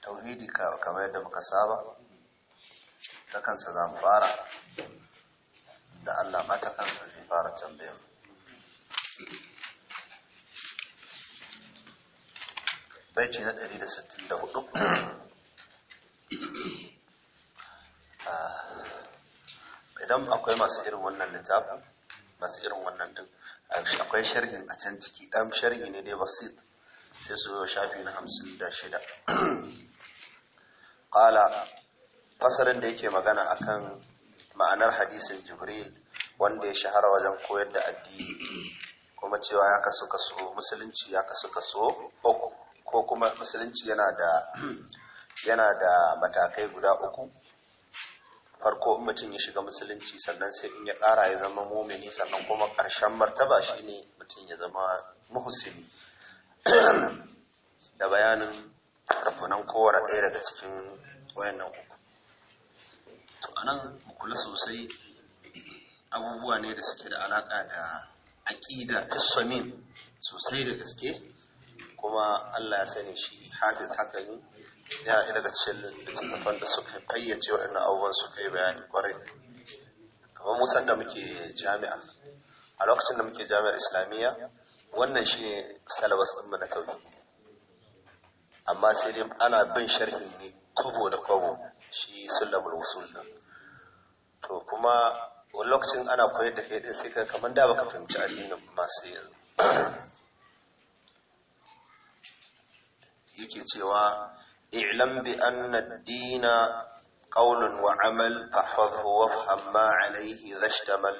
tauhidi kamar yadda muka saba ta kansa za mu fara da Allah ma ta kansa zai fara tambayar baiti na 164 ah, idan akwai masu irin wannan littafin masu irin wannan din akwai sharhin a can ciki dan sharhi ne dai basit sai su zo shafi na hamsin da shida ƙala fasalin da yake magana a kan ma'anar hadisin jibril wanda ya shahara wajen koyar da addini kuma cewa ya kasu kaso musulunci ya kasu kaso ko kuma musulunci yana da da matakai guda uku farko in mutum ya shiga musulunci sannan sai in ya ƙara ya zama mumini sannan kuma ƙarshen martaba shine mutum ya zama muhsini da bayanin rufunan kowane ɗaya daga cikin wayannan uku to anan kula sosai abubuwa ne da suke da alaƙa da aƙida fissamin sosai da gaske kuma allah ya sani shi hafiz haka ne ya ɗaya daga cikin littattafan da suka fayyace waɗannan abubuwan suka yi bayani kwarai kamar musan da muke jami'a a lokacin da muke jami'ar islamiyya wannan shi ne salabas ɗinmu na tauhidi amma sai dai ana bin sharhin ne kobo da kobo shi sulamul usul nan to kuma wani lokacin ana koyar da kai din sai ka kamar da baka fahimci addinin masu yanzu yake cewa i'lam bi anna ad-dina qawlun wa amal fahfazhu wafham ma alayhi dhashtamal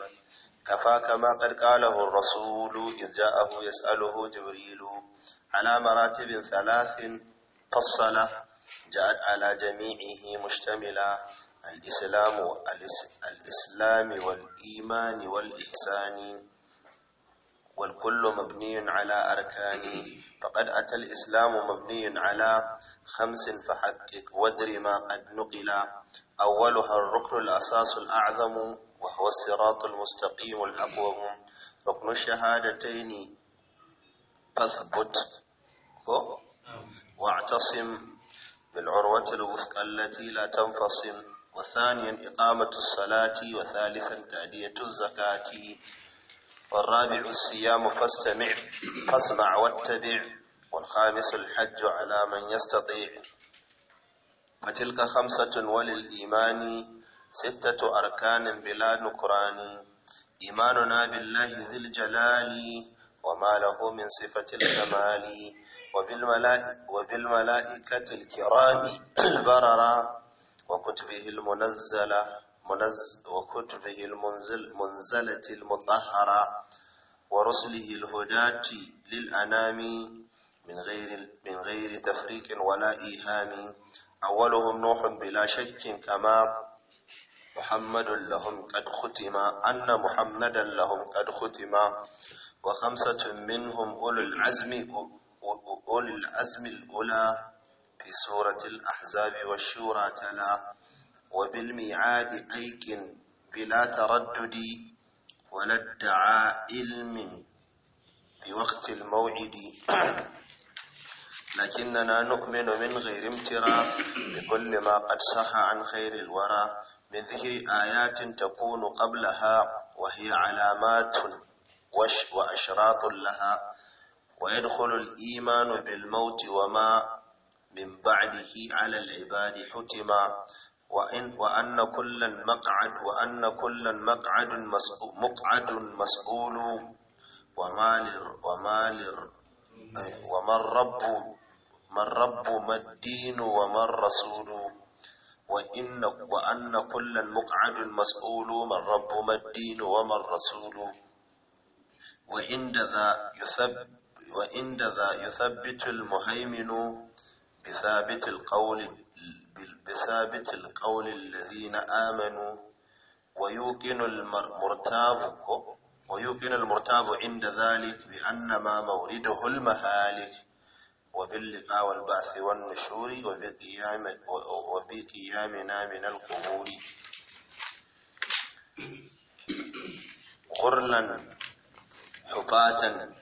كفى كما قد قاله الرسول إذ جاءه يسأله جبريل على مراتب ثلاث فصلة جاءت على جميعه مشتملة الإسلام الإسلام والإيمان والإحسان والكل مبني على أركان فقد أتى الإسلام مبني على خمس فحقق وادر ما قد نقل أولها الركن الأساس الأعظم وهو الصراط المستقيم الأقوم ركن الشهادتين فاثبت واعتصم بالعروة الوثقى التي لا تنفصم وثانيا إقامة الصلاة وثالثا تأدية الزكاة والرابع الصيام فاستمع فاسمع واتبع والخامس الحج على من يستطيع فتلك خمسة وللإيمان ستة أركان بلا نكران إيماننا بالله ذي الجلال وما له من صفة الكمال وبالملائكة, الكرام البررة وكتبه المنزلة منز وكتبه المنزل منزلة المطهرة ورسله الهداة للأنام من غير من غير تفريق ولا إيهام أولهم نوح بلا شك كما محمد لهم قد ختم أن محمدا لهم قد ختم وخمسة منهم أولو العزم أولي العزم الأولى في سورة الأحزاب والشورى تلا وبالميعاد أيكن بلا تردد ولا ادعاء علم بوقت الموعد لكننا نؤمن من غير امتراء بكل ما قد صح عن خير الورى من ذكر آيات تكون قبلها وهي علامات وش وأشراط لها ويدخل الإيمان بالموت وما من بعده على العباد حتما وإن وأن كل مقعد وأن كل مقعد مسؤول مقعد مسؤول وما لر وما لر وما الرب ما الرب ما الدين وما الرسول وإن وأن كل مقعد مسؤول من رب ما الدين وما الرسول وإن ذا يثبت وإن ذا يثبت المهيمن بثابت القول بثابت القول الذين آمنوا ويوقن المرتاب ويوقن المرتاب عند ذلك بأن ما مورده المهالك وباللقاء والبعث والنشور وبقيام وبقيامنا من القبور غرلا حباتا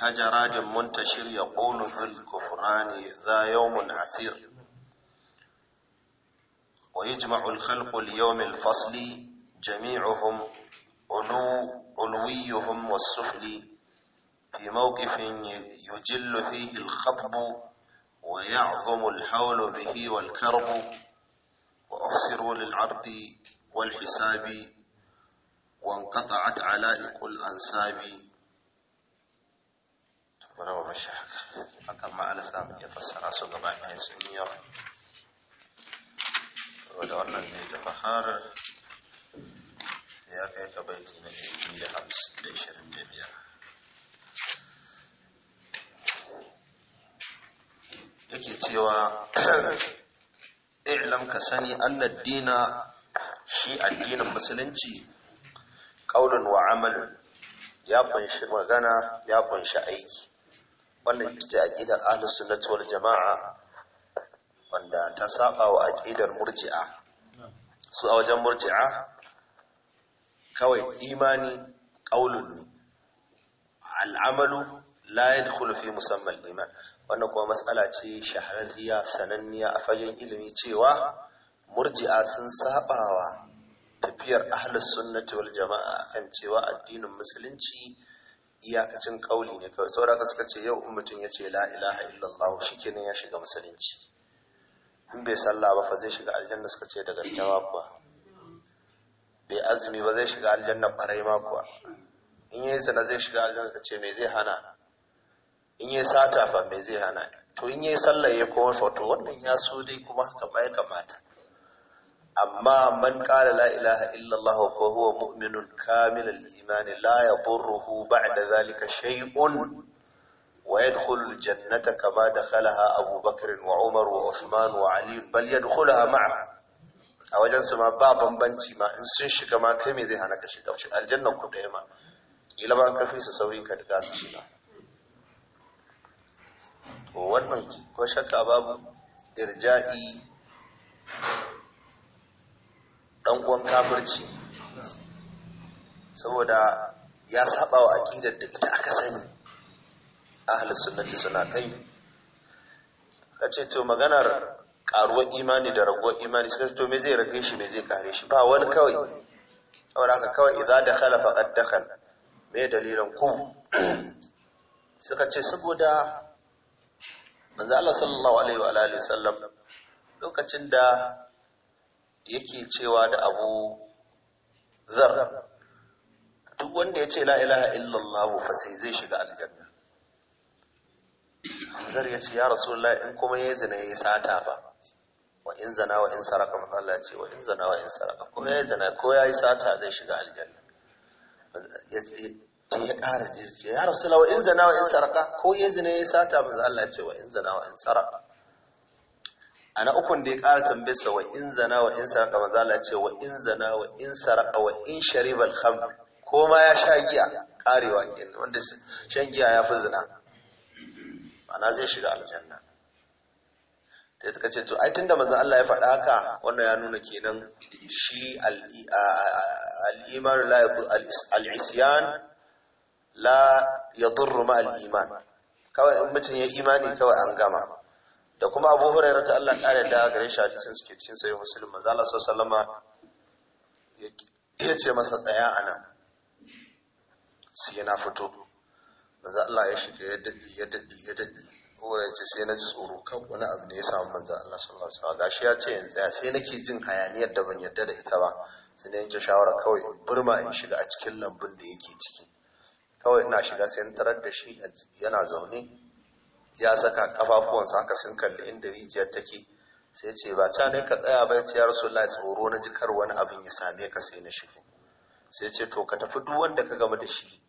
كجراد منتشر يقول في الكفران ذا يوم عسير ويجمع الخلق ليوم الفصل جميعهم علو علويهم والسفلي في موقف يجل فيه الخطب ويعظم الحول به والكرب وأحسر للعرض والحساب وانقطعت علائق الأنساب ولو مشاك أكما ما ألفنا من يفس راسو قبعنا يسمي ولو أنا زيت بحار يا بيتي من لها بس ليش cewa i'lam ka sani annad dina shi addinin musulunci qaulun wa ya kunshi magana ya kunshi aiki wannan ita a gidan sunnati jama'a wanda ta saba wa gidan murji'a su a wajen murji'a kawai imani qaulun al'amalu la yadkhulu fi musamman iman wannan kuma matsala ce shahararriya sananniya a fagen ilimi cewa murji'a sun sabawa tafiyar ahlus sunnati wal jama'a kan cewa addinin musulunci iyakacin kauli ne kawai saboda suka ce yau in mutum ya ce la ilaha illallah shikenan ya shiga musulunci in bai sallah ba fa zai shiga aljanna suka ce da gaskiya kuwa bai azumi ba zai shiga aljanna kwarai ma kuwa in yayi sana zai shiga aljanna suka ce me zai hana in yi sata fa me zai hana to in yi sallah ya koma fato wannan ya so dai kuma haka ba ya kamata amma man qala la ilaha illallah fa huwa mu'minun kamil al-iman la yadurruhu ba'da zalika shay'un wa yadkhulu al-jannata kama dakhalaha Abu Bakr wa Umar wa Uthman wa Ali bal yadkhulaha ma'a a wajen su ma ba bambanci ma in sun shiga ma kai me zai hana ka shiga aljanna ku da yamma kila ba ka fi su sauri ka riga su shiga wannan ko shakka babu irja'i dan uwan kafirci saboda ya saba wa aqidar da ita aka sani ahli sunnati suna kai kace to maganar karuwar imani da raguwar imani sai to me zai rage shi me zai kare shi ba wani kawai saboda haka kawai idza dakhala faqad dakhal me dalilan ku suka ce saboda manzo Allah sallallahu alaihi wa alihi sallam lokacin da yake cewa da Abu Zar duk wanda ya ce la ilaha illallah fa sai zai shiga aljanna Zar ya ce ya Rasulullah in kuma ya zina ya sata fa wa in zana wa in saraka fa Allah ya ce wa in zana wa in saraka ko ya zina ko ya yi sata zai shiga aljanna sai ya ƙara jirje ya rasu lawa in zana wa in saraka ko ya zina ya sata manzo Allah ce wa in zana wa in saraka ana ukun da ya ƙara tambayarsa wa in zana wa in saraka manzo Allah ce wa in zana wa in saraka wa in sharibal khamr ko ma ya sha giya karewa kenan wanda shan giya ya fi zina ma'ana zai shiga aljanna ta ta kace to ai tunda manzo Allah ya faɗa haka wannan ya nuna kenan shi al-iman la al-isyan la ya ma al-iman kawai in mutum ya imani kawai an gama da kuma Abu Hurairah ta Allah kare da gare shi hadisin suke cikin sahih Muslim Maza Allah sallallahu ya ce masa tsaya anan sai yana fito Maza Allah ya shiga ya daɗi, ya daɗi, ya daɗi. kowa ya ce sai na ji tsoro kan wani abu ne ya samu manzo Allah sallallahu alaihi wasallam gashi ya ce yanzu tsaya sai nake jin hayaniyar da ban yarda da ita ba sai na yanke shawara kawai in burma in shiga a cikin lambun da yake ciki kawai ina shiga sai tarar da shi yana zaune ya saka kafafuwansa haka sun kalli inda rijiyar take sai ce ba ta ne ka tsaya ba ce ya rasulullahi tsoro na jikar wani abin ya same ka sai na shigo sai ce to ka tafi duk wanda ka gama da shi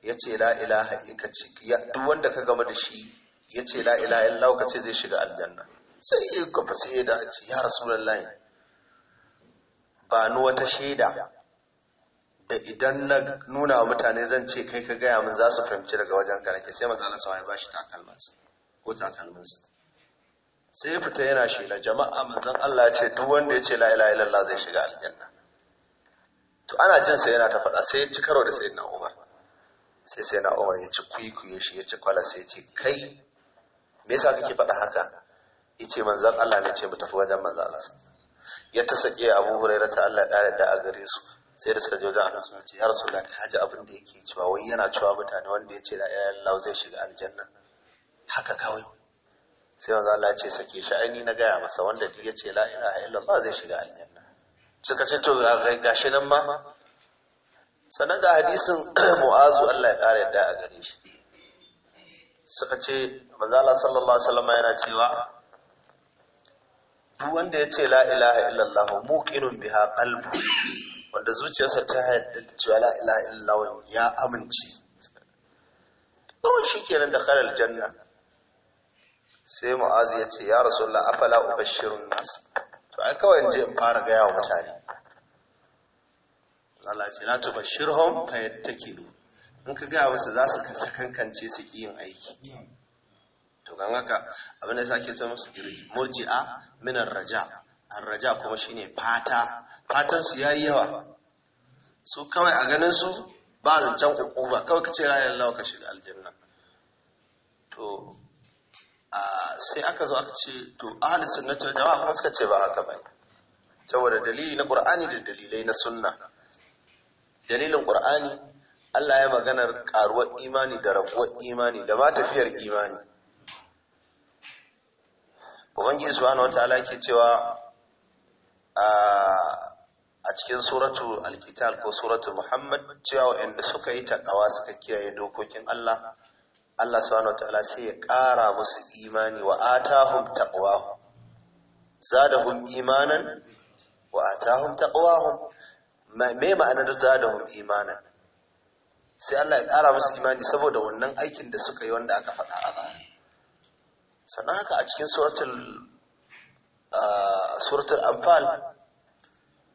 ya ce la ilaha ka ci duk wanda ka gama da shi ya ce la ilaha illallah ka ce zai shiga aljanna sai ya kafa sai ya da ya rasulullahi ba ni wata shaida idan na nuna wa mutane zan ce kai ka gaya min za su fahimci daga wajen ka nake sai manzo Allah sama ya bashi takalmansa ko takalmansa sai ya fita yana shela jama'a manzon Allah ya ce duk wanda ya ce la ilaha illallah zai shiga aljanna to ana jin sa yana ta faɗa sai ya ci karo da sayyidina Umar sai sayyidina Umar ya ci kwikwiye shi ya ci kwala sai ya ce kai me yasa kake faɗa haka yace manzon Allah ne ce mu tafi wajen manzon Allah ya ta sake Abu Hurairah ta Allah ya kare da a gare su sai da suka je wajen annabi sun ce ya rasulullah ka ji abin da yake cewa wai yana cewa mutane wanda ya ce la ilaha illallah zai shiga aljanna haka kawai sai wanzu Allah ya ce sake shi aini na gaya masa wanda duk ya ce la ilaha illallah zai shiga aljanna suka ce to gashi nan ma sannan ga hadisin mu'azu Allah ya kare da a gare shi suka ce manzo Allah sallallahu alaihi wasallam yana cewa duk wanda ya ce la ilaha illallah muqinun biha qalbu wanda zuciyarsa ta yadda da cewa la ilaha illallah ya amince kawai shi kenan da kharal janna sai mu'azi ya ce ya rasulullah afala ubashirun nas to ai kawai in je in fara gaya wa mutane Allah ce na tubashirhum fa yattakilu in ka gaya musu za su kasa kankance su yin aiki to kan haka abin da sake ta musu murji'a minar raja an raja kuma shine fata fatansu ya yi yawa su kawai a ganin su ba zancen ba kawai ka ce rayar lawa ka shiga aljanna to sai aka zo aka ce to ahli sunnati wal jama'a kuma suka ce ba haka ba saboda dalili na qur'ani da dalilai na sunna dalilin qur'ani Allah ya maganar karuwar imani da rabuwar imani da ba tafiyar imani ubangiji subhanahu wataala ke cewa a a cikin suratu alkital ko suratu muhammad cewa waɗanda suka yi taƙawa suka kiyaye dokokin Allah Allah subhanahu wa ta'ala sai ya ƙara musu imani wa atahum taqwahum zadahum imanan wa atahum taqwahum me ma'anar zadahum imanan sai Allah ya ƙara musu imani saboda wannan aikin da suka yi wanda aka faɗa a baya sannan haka a cikin suratul ah, suratul anfal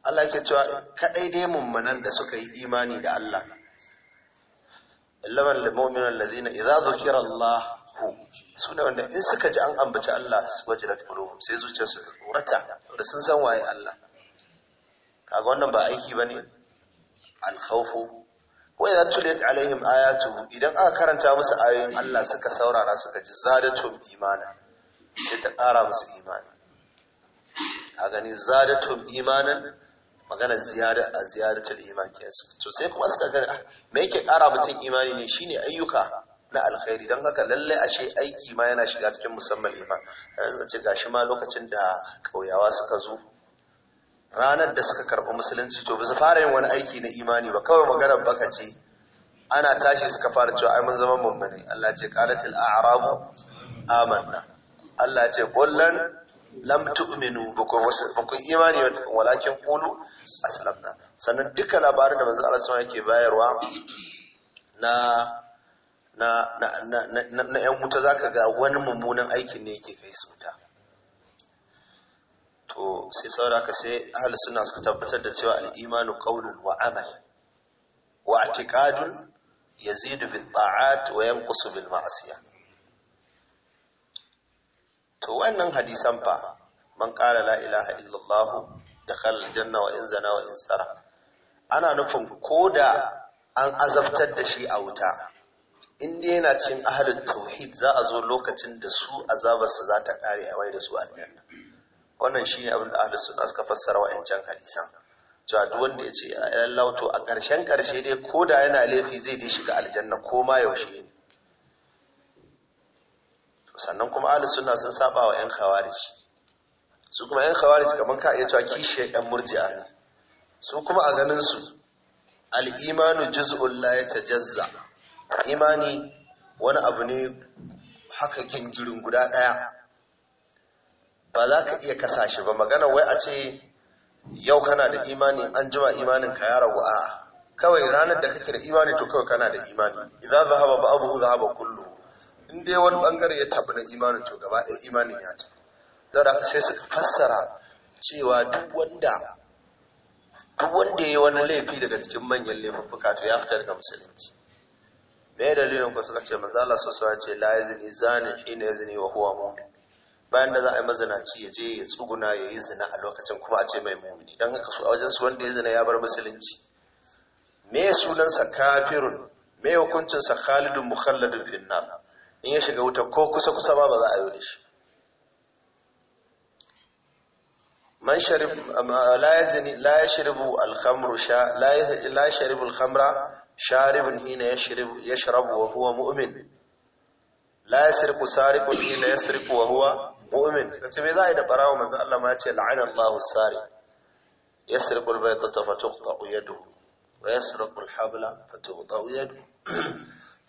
Allah ke cewa kadai dai mummunan da suka yi imani da Allah lamar limomin allazina idza zukira Allah su da wanda in suka ji an ambaci Allah su wajilat quluhum sai zuciyarsu ta tsorata da sun san waye Allah kaga wannan ba aiki bane al-khawfu wa idza tuliyat alaihim ayatu idan aka karanta musu ayoyin Allah suka saurara suka ji zadatum imana sai ta ƙara musu imani ka gani zadatum imanan maganar ziyara a ziyaratul iman kenan to sai kuma suka ga ah, me yake kara mutum imani ne shine ayyuka na alkhairi don haka lallai ashe aiki ma yana shiga cikin musamman iman yanzu ce gashi ma lokacin da kauyawa suka zo ranar da suka karɓi musulunci to bisa fara yin wani aiki na imani ba kawai maganar baka ce ana tashi suka fara cewa ai mun zama mummuni Allah ce qalatil a'rabu amanna Allah ce kullan lam tu'minu ba ku imani walakin qulu aslamna sannan duka labarin da manzo Allah sallallahu yake bayarwa na na na na na yan wuta zaka ga wani mummunan aikin ne yake kai su to sai sauraka sai ahli sunna suka tabbatar da cewa al-imanu qawlun wa amal wa i'tiqadun yazidu bit ta'at wa yanqusu bil ma'siyah to wannan hadisan fa man qala la ilaha illallah dakhala janna wa in zana wa in sara ana nufin ko da an azabtar da shi a wuta inda yana cikin ahlul tauhid za a zo lokacin da su azabarsa za ta kare a mai da su aljanna wannan shine abin da ahlus sunna suka fassara wa 'yancan hadisan cewa duk wanda ya ce a to a ƙarshen ƙarshe dai ko da yana laifi zai dai shiga aljanna ko ma yaushe ne sannan kuma ahli sunna sun saba wa yan khawarij su kuma yan khawarij kaman ka iya cewa kishiyar yan murji'a ne su kuma a ganin su al-imanu juz'un la yatajazza imani wani abu ne haka gingirin guda ɗaya. ba za ka iya kasashe ba magana wai a ce yau kana da imani an jima imanin ka ya ragu a kawai ranar da kake da imani to kawai kana da imani idan zahaba abu zahaba kullum. in dai wani bangare ya tabi na imanin to gaba ɗaya imanin ya Zai don haka sai suka fassara cewa duk wanda duk wanda ya yi wani laifi daga cikin manyan laifuffuka to ya fita daga musulunci me dalilin ku suka ce manzo Allah sallallahu alaihi ce la yazni zani hina yazni wa huwa mu'min bayan da za a yi mazinaci ya je ya tsuguna ya yi zina a lokacin kuma a ce mai mumini don haka su a wajen su wanda ya zina ya bar musulunci me sunansa kafirun me hukuncinsa khalidun mukhalladun finnar in ya shiga wuta ko kusa kusa ba za a yi da shi man sharib la yazni la yashrabu al-khamru sha la yashrabu al-khamra sharibun hina yashrabu yashrabu wa huwa mu'min la yasriqu sariqun hina yasriqu wa huwa mu'min kace me za a yi da barawo manzo Allah ma ya ce la'ana Allahu sariq yasriqu al-baydata fa tuqta yaduhu wa yasriqu al-habla fa tuqta yaduhu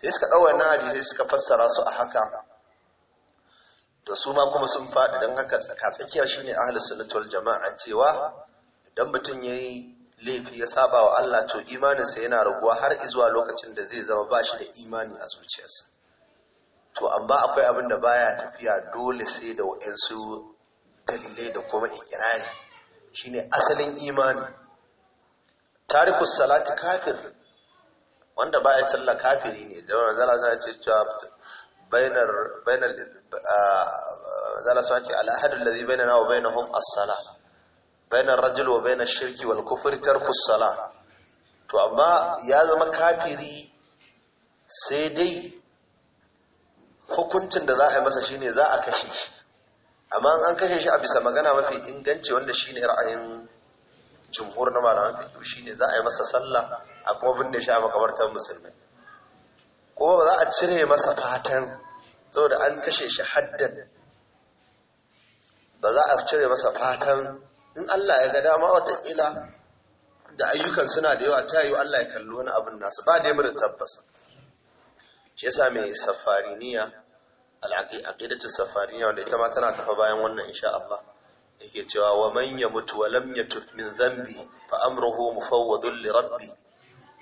sai suka ɗauwa na hadisai suka fassara su a haka da su ma kuma sun faɗi don haka tsakatsakiya shine ne sunnati jama'a cewa idan mutum ya yi laifi ya saba wa Allah to imaninsa yana raguwa har izuwa lokacin da zai zama ba shi da imani a zuciyarsa to amma akwai abin da baya tafiya dole sai da wa'ansu dalilai da kuma ikirari shine asalin imani tarikus salati kafir wanda ba ya tsalla kafiri ne da wanda zala sun ce cewa bainar bainar zala sun ce al'ahadu allazi bainana wa bainahum as-sala bainar rajul wa bainar shirki wal kufri tarku sala to amma ya zama kafiri sai dai hukuncin da za a yi masa shine za a kashe shi amma an kashe shi a bisa magana mafi inganci wanda shine ra'ayin jumhur na malaman fiqh shine za a yi masa sallah a kuma binne shi a makabartar musulmi kuma ba za a cire masa fatan saboda an kashe shi haddan ba za a cire masa fatan in Allah ya ga dama watakila da ayyukan suna da yawa ta yi Allah ya kalli wani abin nasu ba da yamin tabbas shi yasa mai safariniya al'aqidatu safariniya wanda ita ma tana tafa bayan wannan insha Allah yake cewa wa man mutu wa lam yatub min dhanbi fa amruhu mufawwadun li rabbi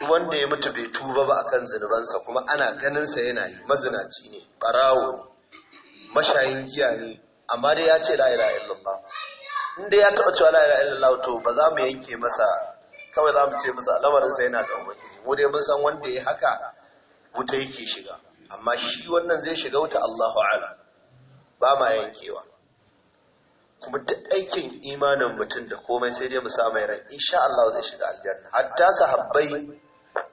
wanda ya mutu bai tuba ba akan zunubansa kuma ana ganin sa yana yi mazinaci ne barawo ne mashayin giya ne amma dai ya ce la ilaha illallah in dai ya taba cewa la ilaha illallah to ba za mu yanke masa kawai za mu ce masa lamarin sa yana kan ubangiji mu dai mun san wanda ya haka wuta yake shiga amma shi wannan zai shiga wuta Allahu a'lam ba ma yankewa kuma duk aikin imanin mutum da komai sai dai mu sa mai rai insha Allah zai shiga aljanna hatta sahabbai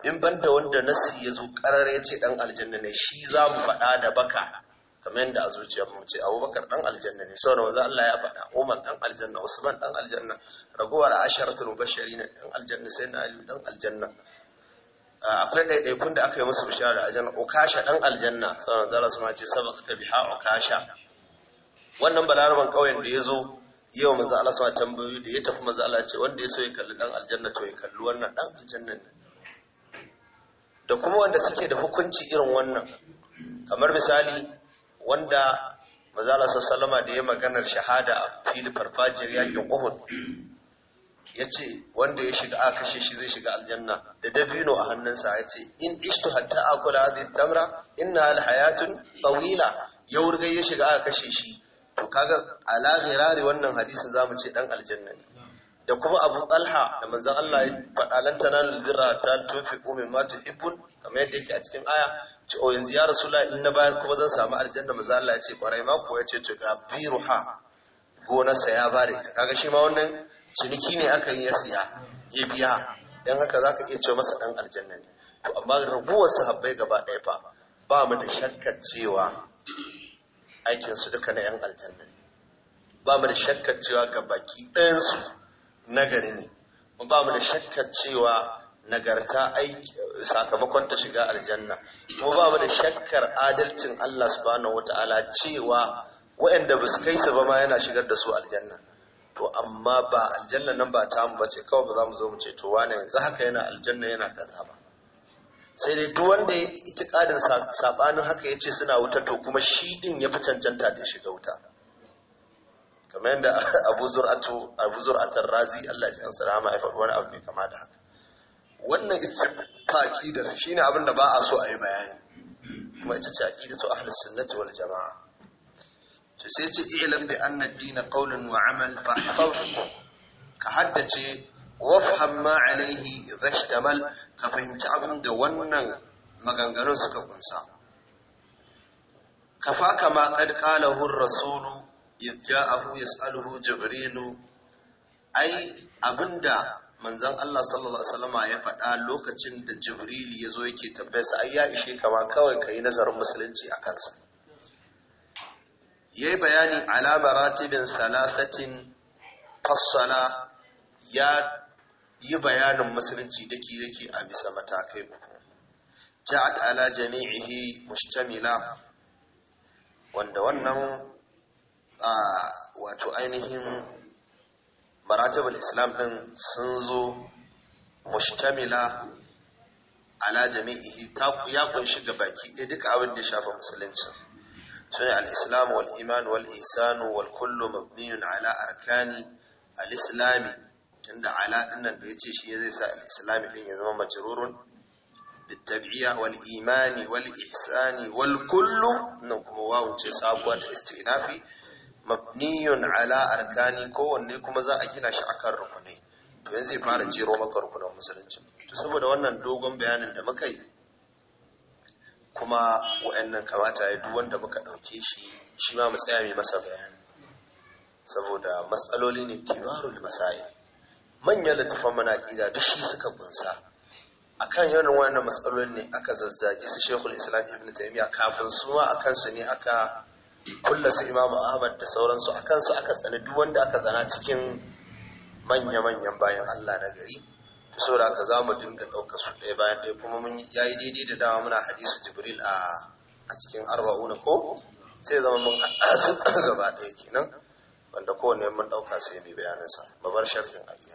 in banda wanda nasi ya zo karar ya ce dan aljanna ne shi za mu faɗa da baka kamar yadda a zuciyar mu ce abubakar dan aljanna ne sau nawa Allah ya faɗa umar dan aljanna usman dan aljanna ragowar asharatul ne dan aljanna sai na ali dan aljanna akwai ɗaiɗaikun da aka yi musu bishara a janna ukasha dan aljanna sau nawa zara su ma ce sabaka biha ukasha wannan balaraban ƙauyen da ya zo yau manzo Allah sa tambayoyi da ya tafi manzo Allah ce wanda ya so ya kalli dan aljanna to ya kalli wannan dan aljanna da kuma wanda suke da hukunci irin wannan kamar misali wanda manzo Allah sallama da ya maganar shahada a fili farfajiyar yakin Uhud yace wanda ya shiga a kashe shi zai shiga aljanna da dabino a hannunsa ce in ishtu hatta akula hadhihi tamra inna alhayatun tawila ya wurgai ya shiga a kashe shi to kaga ala ghirari wannan hadisin zamu ce dan aljanna ne da kuma Abu Talha da manzon Allah ya faɗa lan tanalul birra ta tufiqu mimma tuhibbun kamar yadda yake a cikin aya ce o yanzu ya rasulullahi in na bayar kuma zan samu aljanna manzon Allah ya ce kwarai ma ko ya ce to ga biruha gonarsa ya bare ta kaga shi ma wannan ciniki ne aka yi ya siya ya biya dan haka zaka iya ce masa dan aljanna ne to amma raguwar sahabbai gaba ɗaya fa ba mu da shakkar cewa aikinsu duka na 'yan aljanna ba mu da shakkar cewa ga baki ɗayansu nagari ne ba mu da shakkar cewa nagarta sakamakon ta shiga aljanna kuma ba mu da shakkar adalcin Allah subhanahu wata'ala cewa waɗanda ba su kai su ba ma yana shigar da su aljanna to amma ba aljanna nan ba ta mu bace kawai ba za mu zo mu ce to wane yanzu haka yana aljanna yana kaza ba sai dai duk wanda ya itikadin sabanin haka ya ce suna wuta to kuma shi din ya fi cancanta da shiga wuta kamar yadda abu zur'atu abu zur'atar razi Allah ya ansa rahama ya faɗi wani abu ne kama da haka wannan ittifaqi da shine abin da ba a so a yi bayani kuma ita ce to ahlus sunnati wal jamaa to sai ce ilam bi anna ad-din qawlan wa amal fa ka haddace wafham ma alaihi zashtamal ka fahimci abin da wannan maganganun suka kunsa Ka kafa kama qad qalahu ar-rasulu yaja'ahu yas'aluhu jibrilu ai abinda manzon Allah sallallahu alaihi wasallama ya faɗa lokacin da jibril yazo yake tabbasa ai ya ishe kama kawai kai nazarin musulunci a kansa yayi bayani ala maratibin thalathatin fassala ya yi bayanin musulunci da ke yake a bisa matakai uku ja'at ala jami'ihi mustamila wanda wannan a wato ainihin maratibul islam din sun zo mustamila ala jami'ihi ya kunshi ga baki ɗaya duka abin da ya shafa musulunci sune al-islam wal iman wal ihsan wal mabniyun ala arkani al-islami tunda ala nan da yace shi zai sa al ɗin din ya zama majrurun tabi'a wal imani wal ihsani wal kullu nan kuma wawu ce sabuwa ta istinafi mabniyun ala arkani kowanne kuma za a gina shi akan rukuni. to yanzu zai fara jero maka rukunan musulunci to saboda wannan dogon bayanin da muka yi kuma wa'annan kamata ya duk wanda muka ɗauke shi shi ma mu tsaya mai masa bayani saboda matsaloli ne kimarul masail manyan littafan manaƙida duk shi suka kunsa akan yawan wannan matsalolin ne aka zazzage su shekul islam ibn taimiyya kafin ma a kansu ne aka kulla su imamu ahmad da sauransu a kansu aka tsani duk wanda aka tsana cikin manya-manyan bayan allah na gari to saboda aka za mu dinga ɗauka su ɗaya bayan ɗaya kuma mun ya yi daidai da dama muna hadisu jibril a cikin arba'una ko sai zama mun asu su gaba ɗaya kenan wanda kowane mun ɗauka sai mai bayaninsa babar sharhin ayi